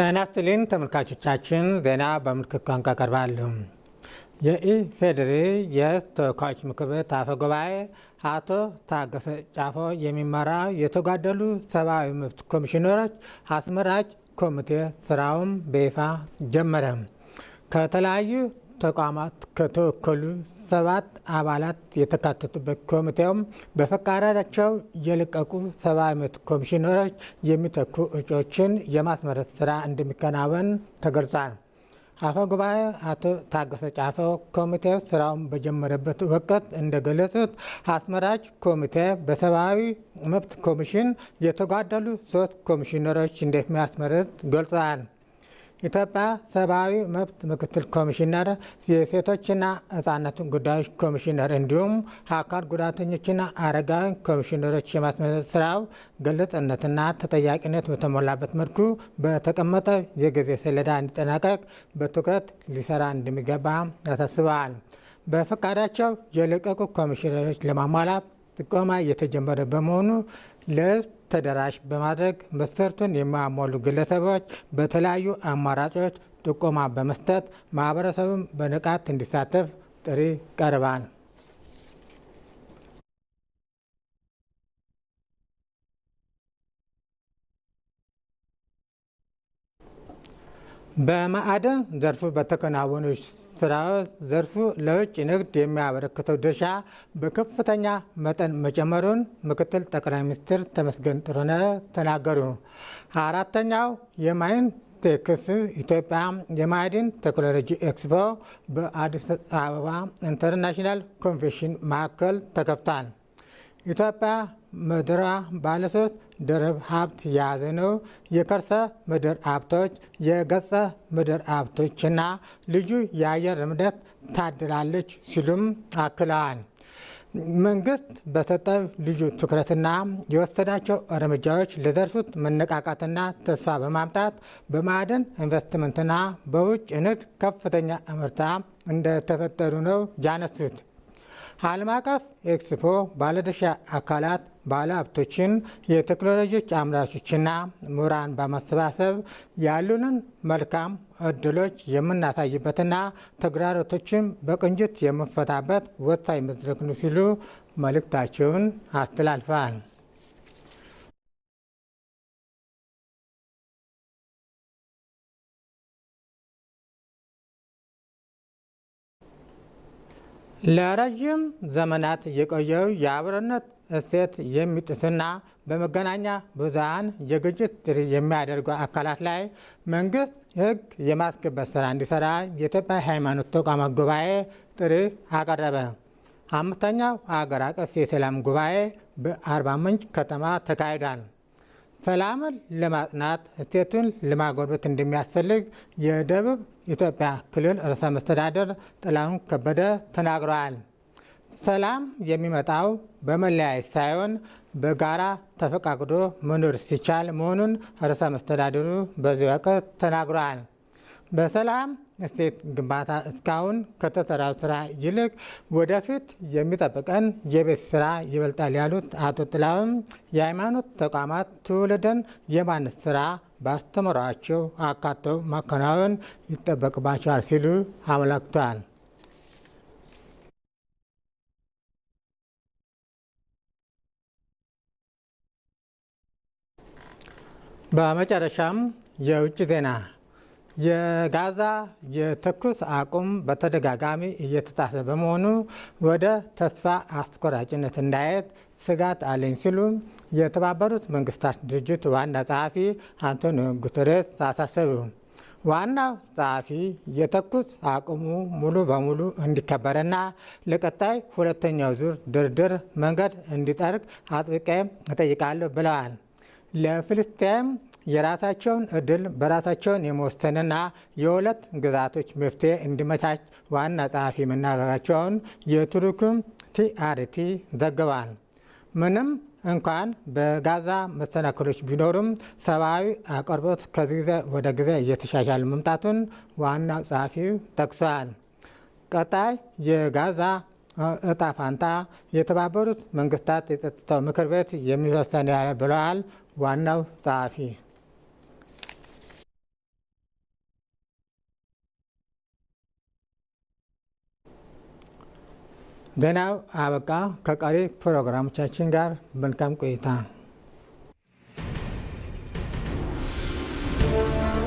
ጤና ይስጥልን ተመልካቾቻችን፣ ዜና በምልክት ቋንቋ ቀርባሉ። የኢፌዴሪ የተወካዮች ምክር ቤት አፈ ጉባኤ አቶ ታገሰ ጫፎ የሚመራ የተጓደሉ ሰብአዊ መብት ኮሚሽነሮች አስመራጭ ኮሚቴ ስራውን በይፋ ጀመረ። ከተለያዩ ተቋማት ከተወከሉ ሰባት አባላት የተካተቱበት ኮሚቴውም በፈቃዳቸው የለቀቁ ሰባ ዓመት ኮሚሽነሮች የሚተኩ እጩዎችን የማስመረት ስራ እንደሚከናወን ተገልጿል። አፈ ጉባኤ አቶ ታገሰ ጫፈ ኮሚቴው ስራውን በጀመረበት ወቅት እንደገለጹት አስመራጭ ኮሚቴ በሰብአዊ መብት ኮሚሽን የተጓደሉ ሶስት ኮሚሽነሮች እንደሚያስመርጥ ገልጸዋል። ኢትዮጵያ ሰብአዊ መብት ምክትል ኮሚሽነር፣ የሴቶችና ህጻናት ጉዳዮች ኮሚሽነር እንዲሁም አካል ጉዳተኞችና አረጋዊ ኮሚሽነሮች የማስመሰል ስራው ግልጽነትና ተጠያቂነት በተሞላበት መልኩ በተቀመጠ የጊዜ ሰሌዳ እንዲጠናቀቅ በትኩረት ሊሰራ እንደሚገባ ያሳስበዋል። በፈቃዳቸው የለቀቁ ኮሚሽነሮች ለማሟላት ጥቆማ እየተጀመረ በመሆኑ ለህዝብ ተደራሽ በማድረግ መስፈርቱን የማያሟሉ ግለሰቦች በተለያዩ አማራጮች ጥቆማ በመስጠት ማህበረሰቡም በንቃት እንዲሳተፍ ጥሪ ቀርቧል። በማዕድን ዘርፉ በተከናወኑ ስራ ዘርፉ ለውጭ ንግድ የሚያበረክተው ድርሻ በከፍተኛ መጠን መጨመሩን ምክትል ጠቅላይ ሚኒስትር ተመስገን ጥሩነህ ተናገሩ። አራተኛው የማይን ቴክስ ኢትዮጵያ የማዕድን ቴክኖሎጂ ኤክስፖ በአዲስ አበባ ኢንተርናሽናል ኮንቬንሽን ማዕከል ተከፍቷል። ኢትዮጵያ ምድሯ ባለሶስት ድርብ ሀብት የያዘ ነው። የከርሰ ምድር ሀብቶች፣ የገጸ ምድር ሀብቶችና ልዩ የአየር እምደት ታድላለች ሲሉም አክለዋል። መንግስት በሰጠው ልዩ ትኩረትና የወሰዳቸው እርምጃዎች ለደርሱት መነቃቃትና ተስፋ በማምጣት በማዕድን ኢንቨስትመንትና በውጭ ንግድ ከፍተኛ እምርታ እንደተፈጠሩ ነው ያነሱት። ዓለም አቀፍ ኤክስፖ ባለድርሻ አካላት ባለ ሀብቶችን፣ የቴክኖሎጂዎች አምራቾችና ምሁራን በማሰባሰብ ያሉንን መልካም እድሎች የምናሳይበትና ተግዳሮቶችን በቅንጅት የምንፈታበት ወሳኝ መድረክ ነው ሲሉ መልእክታቸውን አስተላልፈዋል። ለረዥም ዘመናት የቆየው የአብሮነት እሴት የሚጥስና በመገናኛ ብዙሃን የግጭት ጥሪ የሚያደርጉ አካላት ላይ መንግስት ሕግ የማስከበር ስራ እንዲሰራ የኢትዮጵያ ሃይማኖት ተቋማት ጉባኤ ጥሪ አቀረበ። አምስተኛው አገር አቀፍ የሰላም ጉባኤ በአርባ ምንጭ ከተማ ተካሂዷል። ሰላምን ለማጽናት እሴቱን ለማጎልበት እንደሚያስፈልግ የደቡብ የኢትዮጵያ ክልል ርዕሰ መስተዳደር ጥላሁን ከበደ ተናግረዋል። ሰላም የሚመጣው በመለያየት ሳይሆን በጋራ ተፈቃቅዶ መኖር ሲቻል መሆኑን ርዕሰ መስተዳደሩ በዚህ ወቅት ተናግረዋል። በሰላም እሴት ግንባታ እስካሁን ከተሰራው ስራ ይልቅ ወደፊት የሚጠብቀን የቤት ስራ ይበልጣል ያሉት አቶ ጥላውም የሃይማኖት ተቋማት ትውልድን የማነት ስራ ባስተምሯቸው አካተው ማከናወን ይጠበቅባቸዋል ሲሉ አመላክቷል። በመጨረሻም የውጭ ዜና የጋዛ የተኩስ አቁም በተደጋጋሚ እየተጣሰ በመሆኑ ወደ ተስፋ አስቆራጭነት እንዳየት ስጋት አለኝ ሲሉ የተባበሩት መንግስታት ድርጅት ዋና ጸሐፊ አንቶኒዮ ጉተሬስ አሳሰቡ። ዋናው ጸሐፊ የተኩስ አቁሙ ሙሉ በሙሉ እንዲከበርና ለቀጣይ ሁለተኛው ዙር ድርድር መንገድ እንዲጠርግ አጥብቄ እጠይቃለሁ ብለዋል። ለፍልስጤም የራሳቸውን እድል በራሳቸውን የመወሰንና የሁለት ግዛቶች መፍትሄ እንዲመቻች ዋና ጸሐፊ መናገራቸውን የቱርክም ቲአርቲ ዘግቧል። ምንም እንኳን በጋዛ መሰናክሎች ቢኖሩም ሰብአዊ አቅርቦት ከጊዜ ወደ ጊዜ እየተሻሻለ መምጣቱን ዋናው ጸሐፊው ጠቅሰዋል። ቀጣይ የጋዛ እጣ ፋንታ የተባበሩት መንግስታት የጸጥታው ምክር ቤት የሚወሰን ያለ ብለዋል ዋናው ጸሐፊ። ዜናው አበቃ። ከቀሪ ፕሮግራሞቻችን ጋር መልካም ቆይታ